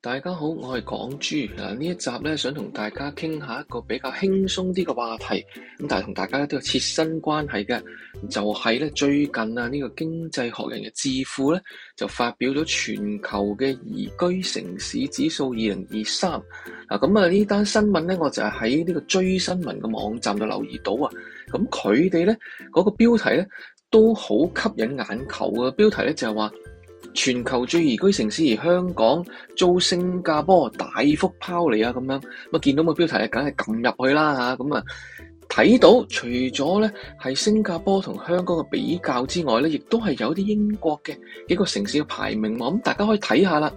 大家好，我係港珠嗱，呢一集咧想同大家傾下一個比較輕鬆啲嘅話題，咁但係同大家都有切身關係嘅，就係咧最近啊呢個經濟學人嘅智庫咧就發表咗全球嘅宜居城市指數二零二三嗱，咁啊呢單新聞咧我就係喺呢個追新聞嘅網站度留意到啊，咁佢哋咧嗰個標題咧都好吸引眼球嘅，標題咧就係話。全球最宜居城市，而香港遭新加坡大幅拋離啊咁樣，咁見到個標題咧，梗係撳入去啦嚇，咁啊睇到除咗咧係新加坡同香港嘅比較之外咧，亦都係有啲英國嘅幾個城市嘅排名嘛。咁大家可以睇下啦。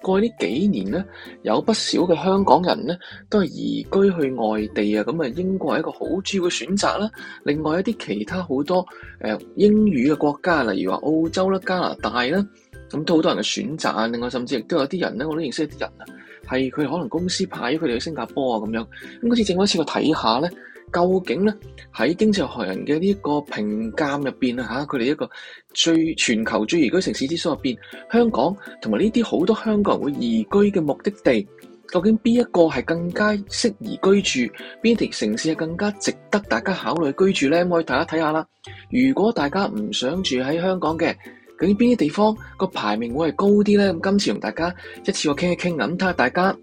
過去呢幾年咧，有不少嘅香港人咧都係移居去外地啊，咁啊英國係一個好主要嘅選擇啦。另外一啲其他好多、呃、英語嘅國家，例如話澳洲啦、加拿大啦。咁都好多人嘅選擇啊！另外，甚至亦都有啲人咧，我都認識一啲人啊，係佢可能公司派咗佢哋去新加坡啊咁樣。咁好似正嗰一次睇下咧，究竟咧喺經濟學人嘅呢一個評鑑入面，啊嚇，佢哋一個最全球最宜居城市之所入面，香港同埋呢啲好多香港人會移居嘅目的地，究竟邊一個係更加適宜居住，邊條城市係更加值得大家考慮居住咧？我哋大家睇下啦。如果大家唔想住喺香港嘅，究竟邊啲地方個排名會係高啲咧？咁今次同大家一次過傾一傾，諗睇下大家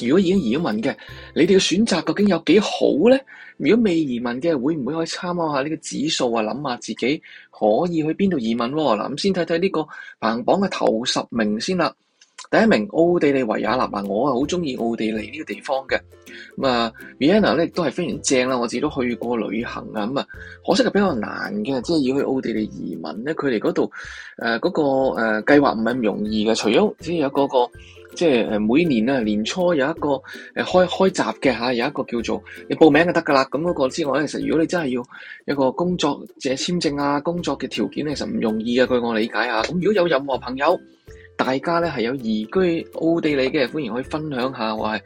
如果已經移民嘅，你哋嘅選擇究竟有幾好咧？如果未移民嘅，會唔會可以參考下呢個指數啊？諗下自己可以去邊度移民喎？嗱，咁先睇睇呢個排行榜嘅頭十名先啦。第一名奧地利維也納，我係好中意奧地利呢個地方嘅咁啊，維也納咧都係非常正啦，我自己都去過旅行啊咁啊，可惜係比較難嘅，即係要去奧地利移民咧，佢哋嗰度誒嗰個誒計劃唔係咁容易嘅，除咗即係有、嗰個個即係誒每年啊年初有一個誒開開閘嘅吓，有一個叫做你報名就得噶啦咁嗰個之外，其實如果你真係要一個工作者簽證啊，工作嘅條件其實唔容易啊據我理解啊，咁如果有任何朋友。大家咧係有移居奧地利嘅，歡迎可以分享下，我係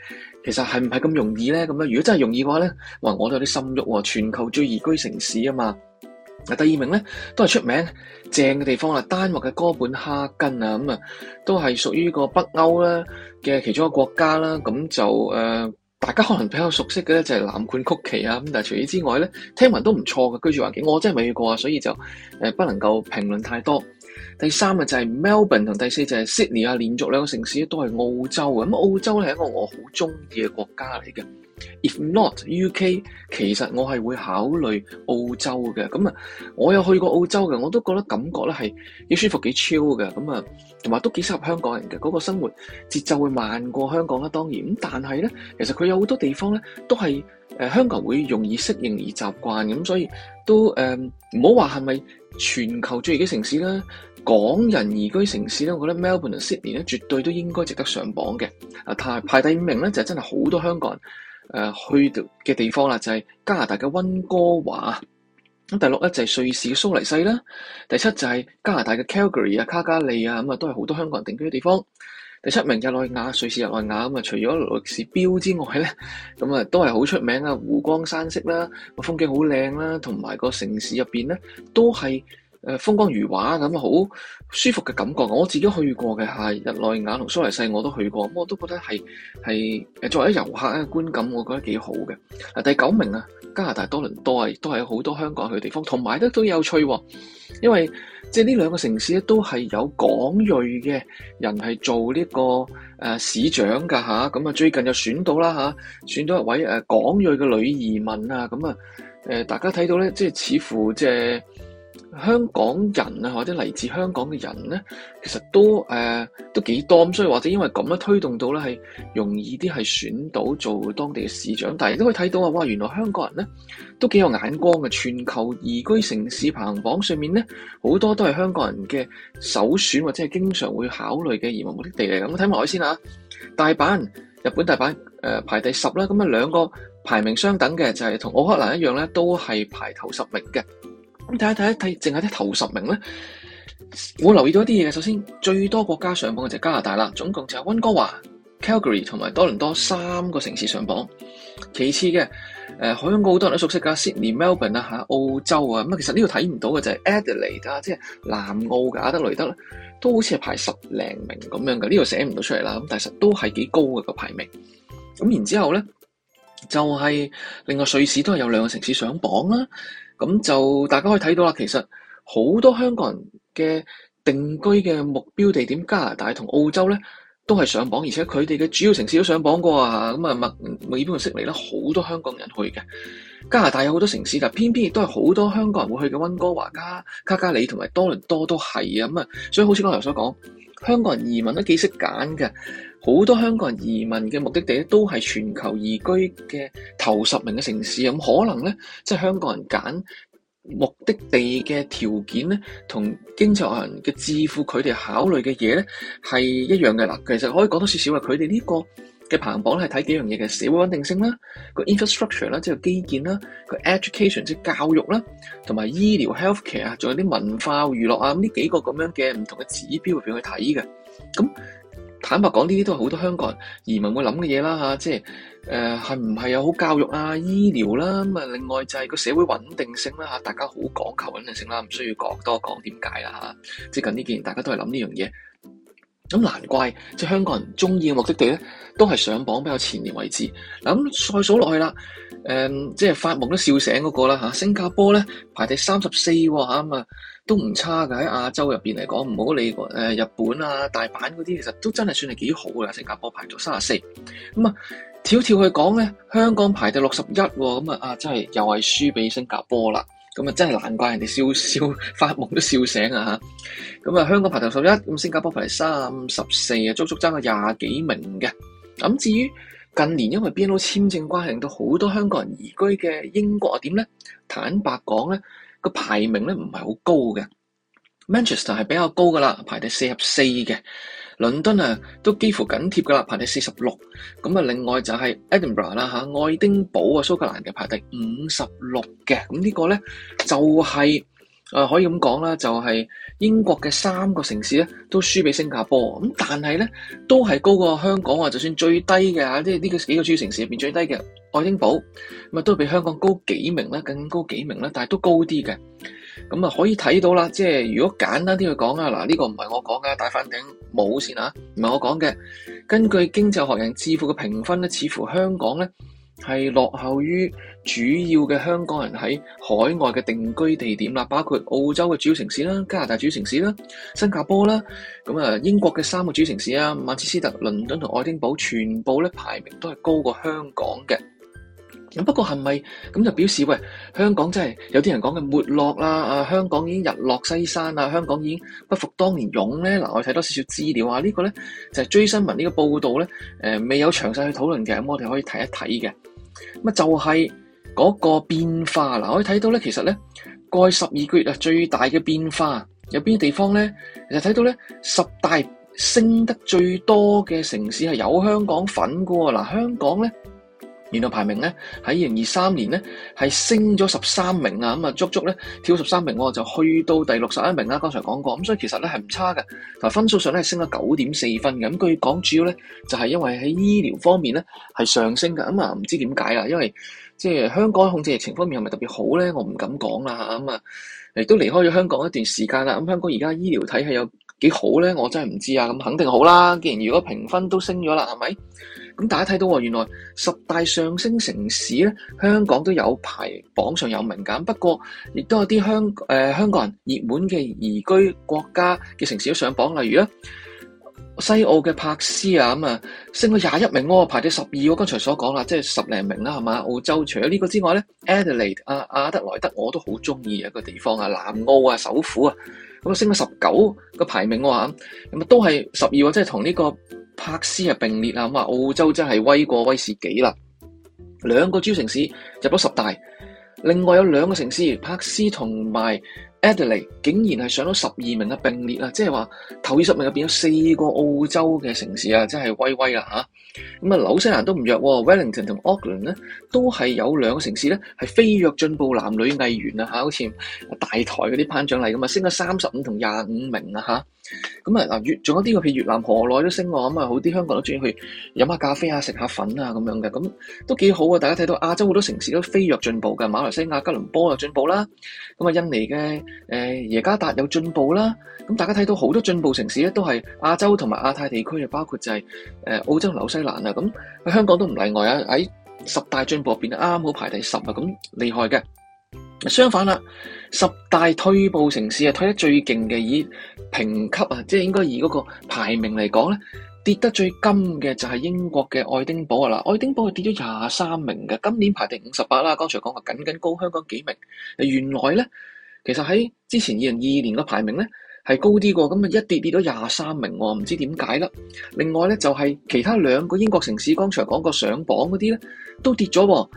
其實係唔係咁容易咧？咁樣如果真係容易嘅話咧，哇！我都有啲心喐喎，全球最宜居城市啊嘛。嗱，第二名咧都係出名正嘅地方啦，丹麥嘅哥本哈根啊，咁、嗯、啊都係屬於個北歐啦嘅其中一個國家啦。咁、嗯、就誒、呃，大家可能比較熟悉嘅咧就係藍罐曲奇啊。咁、嗯、但係除此之外咧，聽聞都唔錯嘅居住環境，我真係未去過啊，所以就誒不能夠評論太多。第三就係 Melbourne 同第四就係 Sydney 啊，連續兩個城市都係澳洲嘅。咁澳洲咧係一個我好中意嘅國家嚟嘅。If not UK，其實我係會考慮澳洲嘅。咁啊，我有去過澳洲嘅，我都覺得感覺咧係幾舒服、幾 chill 嘅。咁啊，同埋都幾適合香港人嘅嗰、那個生活節奏會慢過香港啦。當然，咁但係咧，其實佢有好多地方咧都係誒、呃、香港人會容易適應而習慣咁，所以。都誒唔好話係咪全球最宜居嘅城市啦，港人移居城市咧，我覺得 Melbourne、Sydney 咧絕對都應該值得上榜嘅。啊，排排第五名咧就係真係好多香港人去嘅地方啦，就係、是、加拿大嘅溫哥華。咁第六咧就係瑞士嘅蘇黎世啦，第七就係加拿大嘅 Calgary 啊，卡加利啊，咁啊都係好多香港人定居嘅地方。第七名，日內瓦，瑞士日內瓦咁啊，除咗瑞士錶之外咧，咁啊都係好出名嘅湖光山色啦，個風景好靚啦，同埋個城市入邊咧都係。誒風光如畫咁好舒服嘅感覺。我自己去過嘅係日內瓦同蘇黎世，我都去過。咁我都覺得係係誒作為一遊客嘅觀感，我覺得幾好嘅。嗱第九名啊，加拿大多倫多係都係好多香港去嘅地方，同埋都都有趣喎。因為即係呢兩個城市咧，都係有港裔嘅人係做呢、呢個誒、啊、市長㗎吓，咁啊，最近又選到啦吓、啊，選到一位、啊、港裔嘅女移民啊。咁啊大家睇到咧，即係似乎即係香港人啊，或者嚟自香港嘅人呢，其實都誒、呃、都幾多，所以或者因為咁樣推動到呢，係容易啲係選到做當地嘅市長。但係亦都可以睇到啊，哇！原來香港人呢，都幾有眼光嘅，全球宜居城市排行榜上面呢，好多都係香港人嘅首選或者係經常會考慮嘅移民目的地嚟嘅。咁睇埋先啦，大阪、日本大阪誒、呃、排第十啦，咁啊兩個排名相等嘅就係、是、同奧克蘭一樣呢，都係排頭十名嘅。睇一睇一睇，淨係頭十名咧。我留意到一啲嘢嘅，首先最多國家上榜嘅就係加拿大啦，總共就係温哥華、Calgary 同埋多倫多三個城市上榜。其次嘅、呃，海港澳好多人都熟悉噶 Sydney、Melbourne 啊、澳洲啊。咁啊，其實呢度睇唔到嘅就係 Adelaide 啊，即係南澳噶阿、啊、德萊德都好似係排十零名咁樣嘅。呢度寫唔到出嚟啦。咁但係實都係幾高嘅、個排名。咁然之後咧，就係、是、另外瑞士都係有兩個城市上榜啦。咁就大家可以睇到啦，其實好多香港人嘅定居嘅目標地點加拿大同澳洲咧都係上榜，而且佢哋嘅主要城市都上榜過啊！咁啊，墨墨爾本、悉尼啦，好多香港人去嘅加拿大有好多城市，但偏偏亦都係好多香港人會去嘅温哥華、加卡加里同埋多倫多都係啊！咁、嗯、啊，所以好似剛才所講，香港人移民都幾識揀嘅。好多香港人移民嘅目的地咧，都係全球宜居嘅頭十名嘅城市。咁可能咧，即係香港人揀目的地嘅條件咧，同經濟學人嘅智庫佢哋考慮嘅嘢咧，係一樣嘅啦。其實可以講多少少啊。佢哋呢個嘅排行榜係睇幾樣嘢嘅，社會穩定性啦，個 infrastructure 啦，即係基建啦，個 education 即係教育啦，同埋醫療 healthcare 啊，仲有啲文化娛樂啊，咁呢幾個咁樣嘅唔同嘅指標俾佢睇嘅，咁。坦白講，呢啲都係好多香港移民會諗嘅嘢啦吓，即係誒係唔係有好教育啊、醫療啦咁啊，另外就係個社會穩定性啦、啊、嚇，大家好講求穩定性啦、啊，唔需要講多講點解啦吓，即係近呢幾年大家都係諗呢樣嘢。咁難怪即係、就是、香港人中意嘅目的地咧，都係上榜比較前列位置。嗱，咁再數落去啦，誒、嗯，即係發夢都笑醒嗰、那個啦吓，新加坡咧排第三十四吓咁啊，都唔差噶喺亞洲入邊嚟講，唔好理誒日本啊、大阪嗰啲，其實都真係算係幾好噶。新加坡排咗三十四，咁啊，跳跳去講咧，香港排第六十一，咁啊啊，真係又係輸俾新加坡啦。咁啊，真係難怪人哋笑笑發夢都笑醒啊！嚇，咁啊，香港排頭十一，咁新加坡排三十四啊，足足爭咗廿幾名嘅。咁至於近年因為 BNO 簽證關係，令到好多香港人移居嘅英國，點咧？坦白講咧，個排名咧唔係好高嘅。Manchester 係比較高噶啦，排第四十四嘅。倫敦啊，都幾乎緊貼㗎喇，排第四十六。咁啊，另外就係 Edinburgh 啦，吓，愛丁堡啊，蘇格蘭嘅排第五十六嘅。咁、這個、呢個咧就係、是。啊，可以咁講啦，就係、是、英國嘅三個城市咧，都輸俾新加坡。咁但係咧，都係高過香港啊！就算最低嘅即係呢個幾個主要城市入邊最低嘅愛丁堡，咪都係比香港高幾名啦，更高幾名啦，但係都高啲嘅。咁、嗯、啊，可以睇到啦，即係如果簡單啲去講啊，嗱、這、呢個唔係我講噶，大翻頂冇先啊，唔係我講嘅。根據經濟學人智庫嘅評分咧，似乎香港咧。係落後於主要嘅香港人喺海外嘅定居地點啦，包括澳洲嘅主要城市啦、加拿大主要城市啦、新加坡啦，咁啊英國嘅三個主要城市啊，曼徹斯特、倫敦同愛丁堡，全部咧排名都係高過香港嘅。咁不過係咪咁就表示喂香港真係有啲人講嘅沒落啦？啊香港已經日落西山啦，香港已經不復當年勇咧？嗱，我睇多少少資料啊，呢個咧就係追新聞呢個報道咧，誒未有詳細去討論嘅，咁我哋可以睇一睇嘅。咁就係嗰個變化嗱，可以睇到咧，其實咧，過去十二個月啊，最大嘅變化有邊啲地方咧？其實睇到咧，十大升得最多嘅城市係有香港份噶喎，嗱，香港咧。原來排名咧喺二零二三年咧係升咗十三名啊，咁、嗯、啊足足咧跳十三名我就去到第六十一名啦。剛才講過，咁、嗯、所以其實咧係唔差嘅。嗱，是升了分數上咧升咗九點四分。咁據講主要咧就係、是、因為喺醫療方面咧係上升嘅，咁啊唔知點解啊，因為即係香港控制疫情方面係咪特別好咧？我唔敢講啦嚇，咁啊亦都離開咗香港一段時間啦。咁、嗯、香港而家醫療體系有幾好咧？我真係唔知啊。咁、嗯、肯定好啦，既然如果評分都升咗啦，係咪？咁大家睇到喎，原來十大上升城市咧，香港都有排榜上有名㗎。不過也，亦都有啲香誒香港人熱門嘅移居國家嘅城市都上榜，例如咧西澳嘅珀斯啊，咁啊升咗廿一名喎，排咗十二。我剛才所講啦，即係十零名啦，係嘛？澳洲除咗呢個之外咧，Adelaide 阿、啊、阿德萊德我都好中意嘅一個地方啊，南澳啊，首府啊，咁啊升咗十九個排名喎，咁啊都係十二喎，即係同呢個。珀斯啊並列啊，咁啊澳洲真係威過威士忌啦，兩個主要城市入咗十大，另外有兩個城市珀斯同埋 Adelaide 竟然係上到十二名嘅並列啊，即係話頭二十名入邊有四個澳洲嘅城市啊，真係威威啦，嚇，咁啊紐西蘭都唔弱、啊、，Wellington 同 Auckland 咧都係有兩個城市咧係飛躍進步，男女藝員啊，嚇，好似大台嗰啲頒獎禮咁啊，升咗三十五同廿五名啊嚇。咁啊嗱，越仲、嗯、有啲譬如越南河內都升喎，咁、嗯、啊好啲。香港都中意去飲下咖啡啊，食下粉啊，咁樣嘅，咁、嗯、都幾好啊。大家睇到亞洲好多城市都飛躍進步嘅，馬來西亞吉隆坡又進步啦，咁、嗯、啊印尼嘅誒、呃、耶加達又進步啦。咁、嗯、大家睇到好多進步城市咧，都係亞洲同埋亞太地區啊，包括就係、是、誒、呃、澳洲同紐西蘭啊，咁、嗯、喺香港都唔例外啊。喺十大進步入邊，啱啱好排第十啊，咁、嗯、厲害嘅。相反啦，十大退步城市啊，退得最勁嘅，以評級啊，即係應該以嗰個排名嚟講咧，跌得最金嘅就係英國嘅愛丁堡啊啦，愛丁堡係跌咗廿三名嘅，今年排第五十八啦，剛才講過，僅僅高香港幾名。原來咧，其實喺之前二零二二年嘅排名咧係高啲嘅，咁啊一跌跌咗廿三名喎，唔知點解啦。另外咧就係其他兩個英國城市，剛才講過上榜嗰啲咧都跌咗。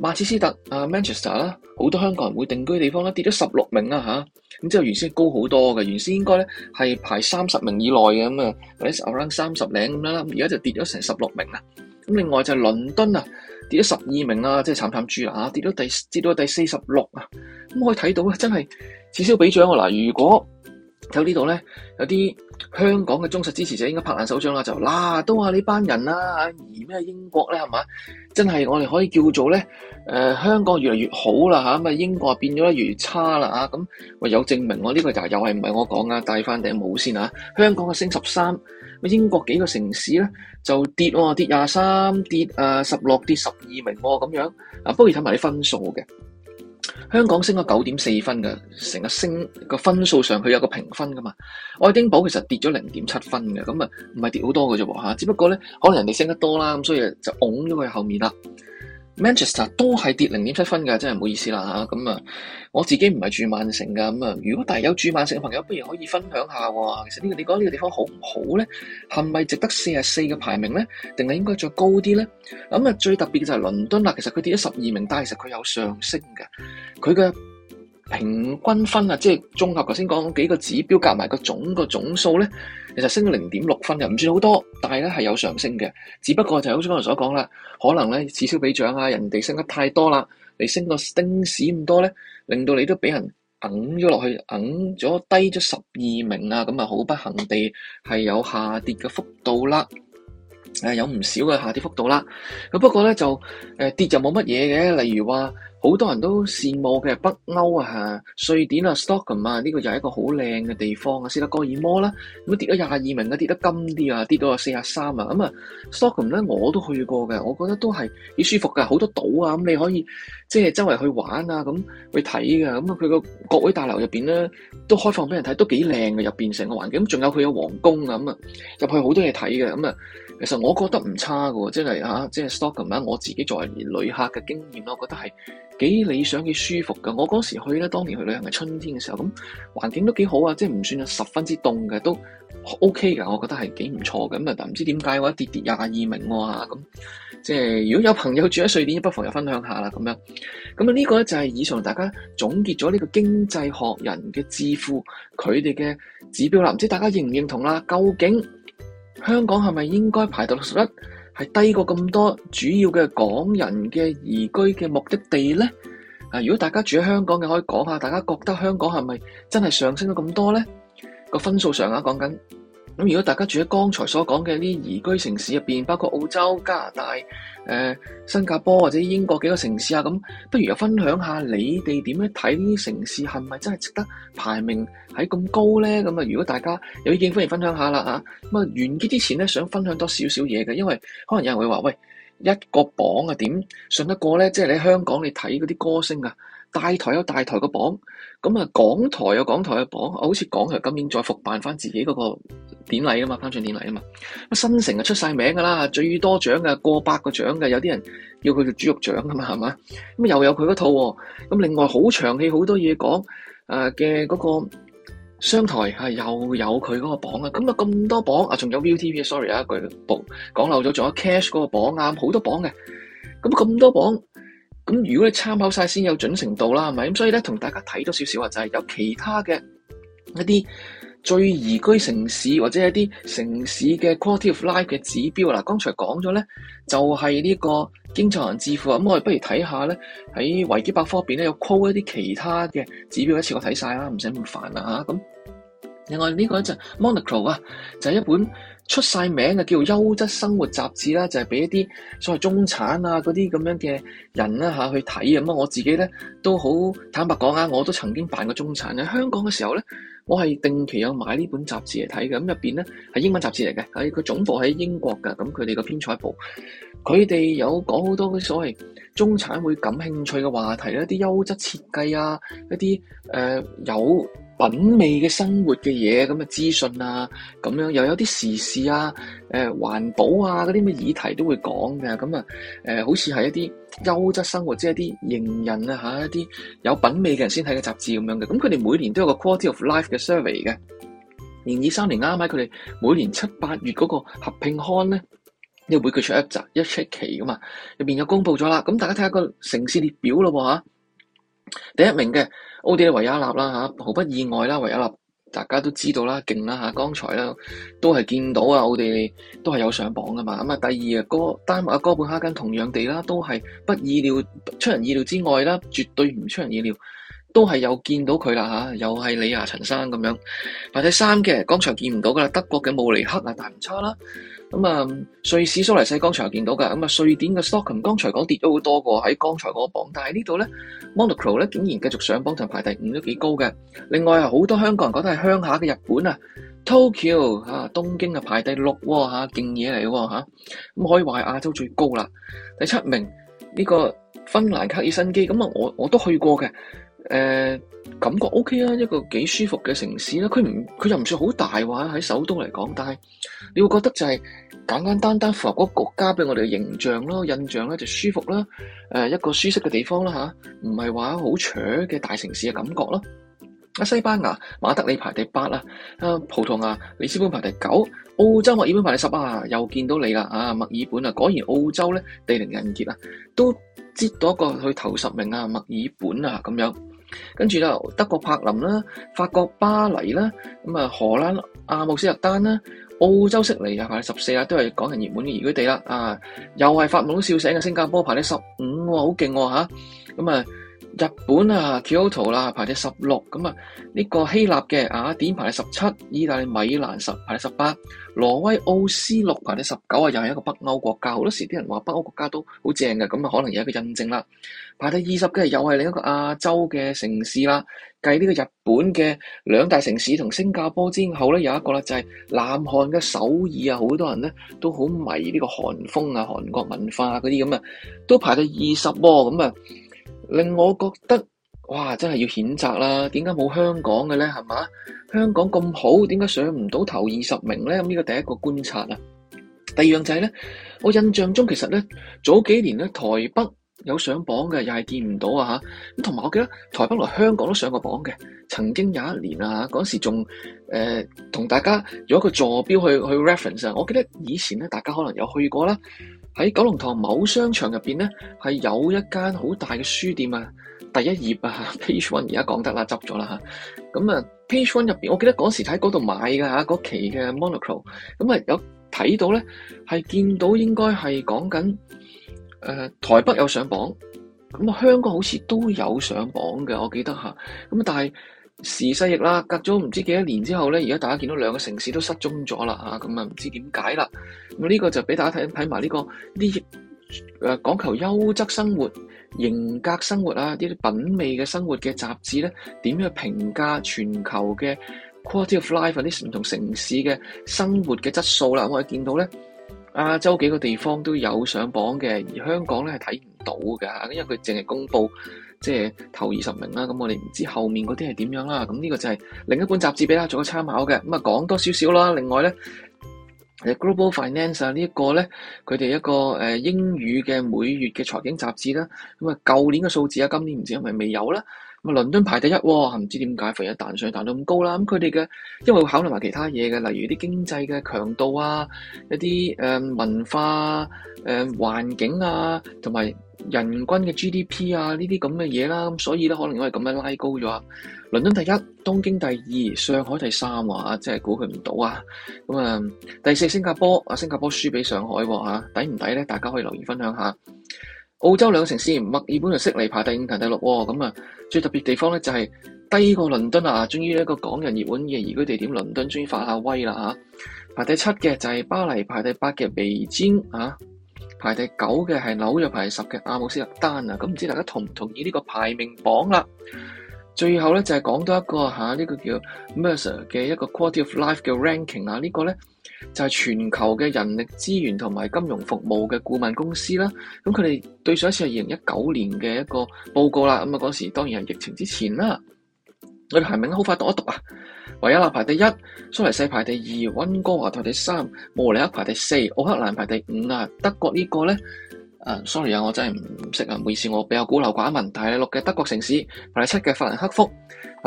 曼徹斯特啊 Manchester 啦，好多香港人會定居嘅地方啦，跌咗十六名啊吓！咁之後原先高好多嘅，原先應該咧係排三十名以內嘅咁啊，或者 around 三十零咁樣啦，而家就跌咗成十六名啊！咁、嗯、另外就係倫敦啊，跌咗十二名啊，即係慘慘豬啊！跌到第跌到第四十六啊！咁、嗯、可以睇到啊，真係此消彼長啊嗱！如果睇呢度咧，有啲香港嘅忠實支持者應該拍爛手掌啦，就嗱、啊、都話啊呢班人啦嚇，而咩英國咧係嘛，真係我哋可以叫做咧，誒、呃、香港越嚟越好啦嚇，咁啊英國變咗越嚟越差啦嚇，咁、啊、唯、啊啊、有證明、這個、又不是我呢個就又係唔係我講啊？帶翻頂帽先嚇，香港嘅升十三，乜英國幾個城市咧就跌喎、啊，跌廿三，啊16，跌12啊十六，跌十二名喎咁樣啊，不如睇埋啲分數嘅。香港升咗九點四分嘅，成日升個分數上去有個評分噶嘛，愛丁堡其實跌咗零點七分嘅，咁啊唔係跌好多嘅啫吓，只不過咧可能人哋升得多啦，咁所以就拱咗佢後面啦。Manchester 都係跌零點七分㗎，真係唔好意思啦吓。咁啊，我自己唔係住曼城噶，咁啊，如果大有住曼城嘅朋友，不如可以分享下。其實呢、這個你覺得呢個地方好唔好咧？係咪值得四十四嘅排名咧？定係應該再高啲咧？咁啊，最特別嘅就係倫敦啦。其實佢跌咗十二名，但係其實佢有上升㗎。佢嘅平均分啊，即係綜合頭先講幾個指標夾埋個總個總數咧，其實升零點六分又唔算好多，但係咧係有上升嘅。只不過就好似剛才所講啦，可能咧此消彼長啊，人哋升得太多啦，你升個丁屎咁多咧，令到你都俾人揞咗落去，揞咗低咗十二名啊，咁啊好不幸地係有下跌嘅幅度啦。有唔少嘅下跌幅度啦。咁不過咧就誒跌就冇乜嘢，嘅。例如話好多人都羨慕嘅北歐啊，瑞典啊 Stockholm 啊，呢個又係一個好靚嘅地方啊。斯德哥爾摩啦，咁跌咗廿二名啊，跌得金啲啊，跌到啊四十三啊。咁啊 Stockholm 咧我都去過嘅，我覺得都係幾舒服噶，好多島啊，咁你可以即係周圍去玩啊，咁去睇㗎。咁啊佢個國會大樓入邊咧都開放俾人睇，都幾靚嘅入邊成個環境。仲有佢有皇宮啊，咁啊入去好多嘢睇嘅，咁啊。其實我覺得唔差噶，即係吓、啊，即係 Stockholm 咁啊！我自己作為旅客嘅經驗咧，我覺得係幾理想、幾舒服噶。我嗰時去咧，當年去旅行係春天嘅時候，咁環境都幾好啊，即係唔算十分之凍嘅，都 OK 噶。我覺得係幾唔錯嘅。咁啊，但唔知點解話跌跌廿二名喎啊！咁即係如果有朋友住喺瑞典，不妨又分享下啦，咁樣。咁啊，這個、呢個咧就係、是、以上大家總結咗呢個經濟學人嘅智庫佢哋嘅指標啦。唔知大家認唔認同啦？究竟？香港係咪應該排到六十一，係低過咁多主要嘅港人嘅移居嘅目的地咧？啊，如果大家住喺香港嘅，可以講下大家覺得香港係咪真係上升咗咁多咧？個分數上啊，講緊。咁如果大家住喺剛才所講嘅呢啲宜居城市入邊，包括澳洲、加拿大、誒、呃、新加坡或者英國幾個城市啊，咁不如又分享下你哋點樣睇呢啲城市係咪真係值得排名喺咁高呢？咁啊，如果大家有意見歡迎分享下啦啊！咁啊，完結之前咧，想分享多少少嘢嘅，因為可能有人會話，喂，一個榜啊，點信得過呢？即係你喺香港你睇嗰啲歌星啊。大台有大台嘅榜，咁啊港台有港台嘅榜，好似港台今年再復辦翻自己嗰個典禮啊嘛，頒獎典禮啊嘛，新城啊出晒名噶啦，最多獎嘅，過百個獎嘅，有啲人要佢做豬肉獎噶嘛，係嘛，咁又有佢嗰套、哦，咁另外好長戲好多嘢講，誒嘅嗰個商台係又有佢嗰個榜啊，咁啊咁多榜啊，仲有 ViuTV，sorry 啊，一句補講漏咗，仲有 cash 嗰個榜啊，好多榜嘅，咁咁多榜。啊。咁如果你參考晒先有準程度啦，係咪？咁所以咧，同大家睇多少少啊，就係、是、有其他嘅一啲最宜居城市或者一啲城市嘅 quality of life 嘅指標。嗱，剛才講咗咧，就係、是、呢個經濟人智庫啊。咁我哋不如睇下咧，喺維基百科入邊咧有 call 一啲其他嘅指標，一次我睇晒啦，唔使咁煩啦吓。咁另外呢個就 Monocle 啊，就係一本。出晒名嘅叫優質生活雜誌啦，就係俾一啲所謂中產啊嗰啲咁樣嘅人啦下去睇咁啊！我自己咧都好坦白講啊，我都曾經辦過中產嘅香港嘅時候咧，我係定期有買呢本雜誌嚟睇嘅，咁入面咧係英文雜誌嚟嘅，係佢總部喺英國㗎。咁佢哋個編採部，佢哋有講好多嘅所謂中產會感興趣嘅話題，一啲優質設計啊，一啲誒，呃，有。品味嘅生活嘅嘢咁嘅資訊啊，咁樣又有啲時事啊，誒、呃、環保啊嗰啲咩議題都會講嘅，咁啊、呃、好似係一啲優質生活，即係一啲型人啊，一啲有品味嘅人先睇嘅雜誌咁樣嘅，咁佢哋每年都有個 quality of life 嘅 survey 嘅。二零二三年啱啱，佢哋每年七八月嗰個合併刊咧，因為每季出一集，一出期噶嘛，入面又公布咗啦。咁大家睇下個城市列表咯喎，啊。第一名嘅。奧地利維也納啦嚇，毫不意外啦，維也納大家都知道啦，勁啦嚇，剛才咧都係見到啊，奧地利都係有上榜噶嘛。咁啊，第二啊哥丹麥哥本哈根同樣地啦，都係不意料出人意料之外啦，絕對唔出人意料，都係有見到佢啦嚇，又係李亞陳生咁樣。或者三嘅，剛才見唔到噶啦，德國嘅慕尼克啊，但唔差啦。咁啊、嗯，瑞士蘇黎世剛才見到噶，咁、嗯、啊，瑞典嘅 Stockholm 剛才講跌咗好多個喺剛才嗰個榜，但係呢度咧 Monaco 咧竟然繼續上榜就排第五都幾高嘅。另外啊，好多香港人覺得係鄉下嘅日本 Tokyo，啊 Tokyo 嚇東京啊排第六喎嚇勁嘢嚟喎嚇，咁、啊啊、可以話係亞洲最高啦。第七名呢、呢個芬蘭赫爾辛基，咁、嗯、啊我我都去過嘅。誒、呃、感覺 OK 啊，一個幾舒服嘅城市啦，佢唔佢又唔算好大話喺首都嚟講，但係你會覺得就係簡簡單單，單符合嗰個國家俾我哋嘅形象咯，印象咧就舒服啦，誒一個舒適嘅地方啦吓，唔係話好扯嘅大城市嘅感覺咯。啊，西班牙馬德里排第八啊，啊葡萄牙里斯本排第九，澳洲墨爾本排第十啊，又見到你啦啊，墨爾本啊，果然澳洲咧地靈人傑啊，都擠到一個去頭十名啊，墨爾本啊咁樣。跟住咧，德國柏林啦，法國巴黎啦，咁啊荷蘭阿姆斯特丹啦，澳洲悉尼啊排十四啊，都係港人熱門嘅宜居地啦，啊又係發夢都笑醒嘅新加坡排呢十五喎，好勁喎嚇，咁啊～、嗯日本啊，Kyoto 啦，oto, 排第十六，咁啊，呢個希臘嘅雅典排第十七，意大利米蘭十，排第十八，挪威奧斯陸排第十九啊，又係一個北歐國家。好多時啲人話北歐國家都好正嘅，咁啊，可能有一個印證啦。排第二十嘅又係另一個亞洲嘅城市啦，繼呢個日本嘅兩大城市同新加坡之後咧，有一個啦就係南韓嘅首爾啊，好多人咧都好迷呢個韓風啊，韓國文化嗰啲咁啊，都排到二十喎，咁啊。令我覺得，哇！真係要譴責啦，點解冇香港嘅咧？係嘛？香港咁好，點解上唔到頭二十名咧？咁呢個第一個觀察啊。第二樣就係咧，我印象中其實咧，早幾年咧台北有上榜嘅，又係見唔到啊吓，咁同埋我記得台北來香港都上過榜嘅，曾經有一年啊，嗰時仲、呃、同大家用一個座標去去 reference 啊。我記得以前咧，大家可能有去過啦。喺九龍塘某商場入邊咧，係有一間好大嘅書店啊！第一頁啊，Page One 而家講得啦，執咗啦吓。咁啊，Page One 入邊，我記得嗰時喺嗰度買噶吓，嗰期嘅 Monocle。咁啊，有睇到咧，係見到應該係講緊誒台北有上榜，咁啊香港好似都有上榜嘅，我記得吓。咁但係。時勢易啦，隔咗唔知幾多年之後咧，而家大家見到兩個城市都失蹤咗啦，咁啊唔、嗯、知點解啦。咁、嗯、呢、這個就俾大家睇睇埋呢個呢啲誒講求優質生活、型格生活啊，呢啲品味嘅生活嘅雜誌咧，點去評價全球嘅 Quality of Life 啲唔同城市嘅生活嘅質素啦、嗯？我哋見到咧，亞洲幾個地方都有上榜嘅，而香港咧係睇唔到㗎，因為佢淨係公布。即係頭二十名啦，咁我哋唔知後面嗰啲係點樣啦，咁呢個就係另一本雜誌俾大家做個參考嘅，咁啊講多少少啦。另外咧，誒 Global Finance、啊這個、呢一個咧，佢哋一個誒英語嘅每月嘅財經雜誌啦，咁啊舊年嘅數字啊，今年唔知係咪未有啦。倫敦排第一喎，唔知點解肥一彈上彈到咁高啦？咁佢哋嘅因為會考慮埋其他嘢嘅，例如啲經濟嘅強度啊，一啲文化誒、嗯、環境啊，同埋人均嘅 GDP 啊呢啲咁嘅嘢啦，咁所以咧可能因為咁樣拉高咗，倫敦第一，東京第二，上海第三喎，即係估佢唔到啊！咁啊，第四新加坡啊，新加坡輸俾上海喎，抵唔抵咧？大家可以留言分享下。澳洲兩城市墨爾本就悉尼排第五、排第六喎，咁、哦、啊最特別地方咧就係、是、低過倫敦啊，終於呢一個港人熱門嘅宜居地點，倫敦終於發下威啦嚇、啊！排第七嘅就係巴黎，排第八嘅北京嚇，排第九嘅係紐約，排第十嘅阿姆斯特丹啊，咁唔知大家同唔同意呢個排名榜啦？最後咧就係、是、講到一個嚇呢、啊這個叫 Mercer 嘅一個 Quality of Life 嘅 ranking 啊，這個、呢個咧就係、是、全球嘅人力資源同埋金融服務嘅顧問公司啦。咁佢哋對上一次係二零一九年嘅一個報告啦。咁啊嗰時當然係疫情之前啦。佢哋排名好快讀一讀啊，維也納排第一，蘇黎世排第二，溫哥華排第三，慕尼黑排第四，奧克蘭排第五啊。德國個呢個咧？誒、uh,，sorry 啊，我真係唔識啊，唔好意思，我比較孤陋寡聞。第六嘅德國城市，第七嘅法蘭克福，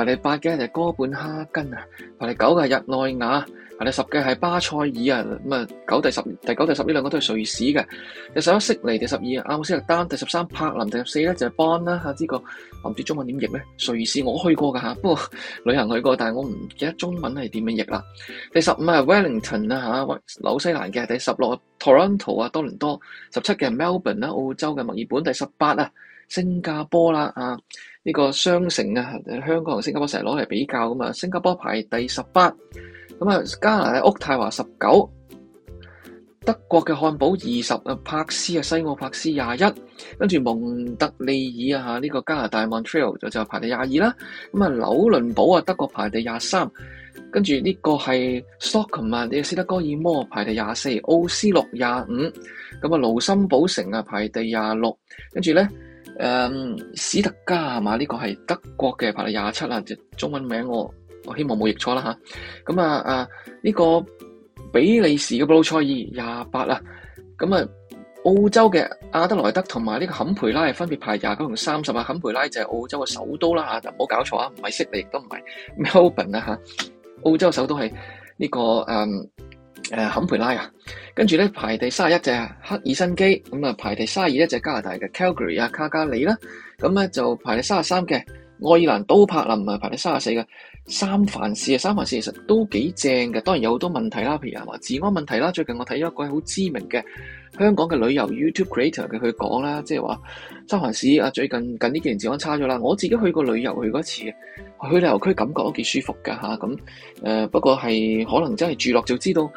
第八嘅就哥本哈根啊，第九嘅日內瓦。第十嘅係巴塞爾啊，咁啊九第十第九第十呢兩個都係瑞士嘅。第十一悉尼，第十二阿姆斯特丹，第十三柏林，第十四咧就係班啦嚇，呢、這個我唔知中文點譯咧。瑞士我去過噶吓，不過旅行去過，但係我唔記得中文係點樣譯啦。第十五是 Wellington，啊，Wellington 啊，紐西蘭嘅。第十六 Toronto 啊，多倫多。十七嘅 Melbourne 啦、啊，澳洲嘅墨爾本。第十八啊，新加坡啦啊，呢、這個雙城啊，香港同新加坡成日攞嚟比較噶嘛、啊。新加坡排第十八。咁啊，加拿大渥太華十九，德國嘅漢堡二十啊，柏斯啊，西澳柏斯廿一，跟住蒙特利爾啊，呢個加拿大 Montreal 就就排第廿二啦。咁啊，紐倫堡啊，德國排第廿三，跟住呢個係 Stockholm 啊，呢個斯德哥爾摩排第廿四，奧斯陸廿五，咁啊，盧森堡城啊排第廿六，跟住咧，誒史特加啊嘛，呢個係德國嘅排第廿七啊。隻中文名我。我希望冇譯錯啦嚇，咁啊啊呢、呢個比利時嘅布魯塞爾廿八啊，咁啊澳洲嘅阿德萊德同埋呢個坎培拉係分別排廿九同三十啊，坎培拉就係澳洲嘅首都啦嚇，就唔好搞錯啊，唔係悉尼亦都唔係 Melbourne 啊。嚇，澳洲首都係呢、呢個誒誒坎培拉啊，跟住咧排第卅一隻赫爾辛基，咁啊排第卅二一隻加拿大嘅 Calgary 啊卡加里啦，咁咧就排第卅三嘅愛爾蘭都柏林，唔、啊、係排第卅四嘅。三藩市啊，三藩市其實都幾正嘅，當然有好多問題啦，譬如話治安問題啦。最近我睇咗一個好知名嘅香港嘅旅遊 YouTube creator 嘅佢講啦，即係話三藩市啊，最近近呢幾年治安差咗啦。我自己去過旅遊去嗰次，去旅遊區感覺都幾舒服㗎吓，咁、啊呃、不過係可能真係住落就知道，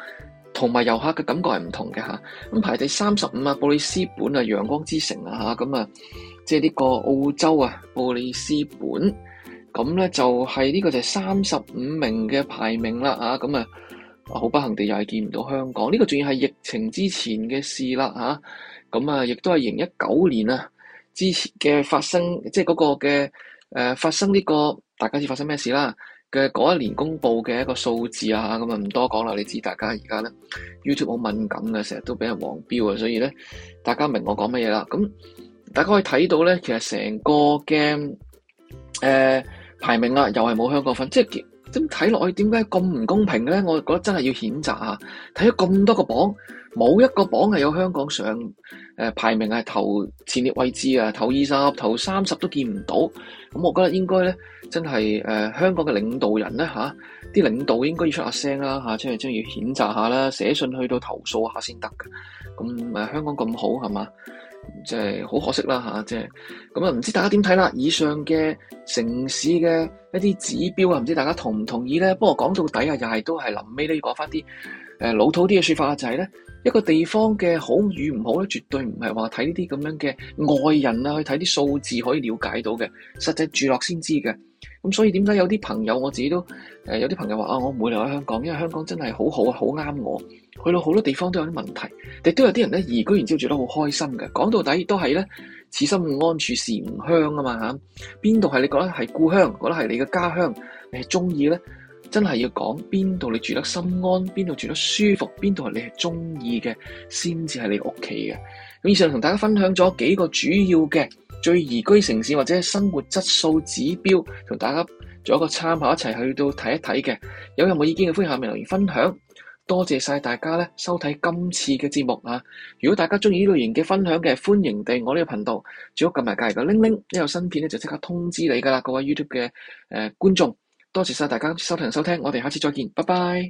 同埋遊客嘅感覺係唔同嘅吓，咁、啊、排第三十五啊，布里斯本啊，陽光之城啊吓，咁啊即係呢個澳洲啊，布里斯本。咁咧就係、是、呢、這個就係三十五名嘅排名啦吓，咁啊好不幸地又係見唔到香港，呢、這個仲要係疫情之前嘅事啦吓，咁啊亦、啊、都係二零一九年啊之前嘅發生，即係嗰個嘅、呃、發生呢、這個大家知發生咩事啦嘅嗰一年公佈嘅一個數字啊，咁啊唔多講啦，你知大家而家咧 YouTube 好敏感嘅，成日都俾人黃標啊，所以咧大家明我講乜嘢啦，咁大家可以睇到咧，其實成個 game 排名啦、啊，又係冇香港份，即係點睇落去，點解咁唔公平嘅咧？我覺得真係要譴責下。睇咗咁多個榜，冇一個榜係有香港上、呃、排名係頭前列位置啊，頭二十、頭三十都見唔到。咁我覺得應該咧，真係誒、呃、香港嘅領導人咧吓，啲領導應該要出下聲啦吓，即係將要譴責下啦，寫信去到投訴下先得噶。咁、啊、香港咁好係嘛？即係好可惜啦吓、啊，即係咁啊，唔、嗯、知大家點睇啦？以上嘅城市嘅一啲指標啊，唔知大家同唔同意咧？不過講到底啊，又係都係臨尾咧，要講翻啲誒老土啲嘅說法啊，就係、是、咧一個地方嘅好與唔好咧，絕對唔係話睇呢啲咁樣嘅外人啊去睇啲數字可以了解到嘅，實際住落先知嘅。咁所以點解有啲朋友我自己都、呃、有啲朋友話啊，我唔會留喺香港，因為香港真係好好啊，好啱我。去到好多地方都有啲問題，亦都有啲人咧移居完之後住得好開心嘅。講到底都係咧，此心安處、啊、是吾鄉啊嘛嚇。邊度係你覺得係故鄉，覺得係你嘅家鄉，你係中意咧？真係要講邊度你住得心安，邊度住得舒服，邊度係你係中意嘅，先至係你屋企嘅。咁以上同大家分享咗幾個主要嘅。最宜居城市或者生活質素指標，同大家做一個參考一齊去到睇一睇嘅。有任何意見嘅歡迎喺下面留言分享。多謝晒大家咧收睇今次嘅節目啊！如果大家中意呢類型嘅分享嘅，歡迎訂我呢個頻道，最好撳埋隔籬個鈴鈴，一有新片咧就即刻通知你噶啦，各位 YouTube 嘅誒觀眾。多謝晒大家收聽收聽，我哋下次再見，拜拜。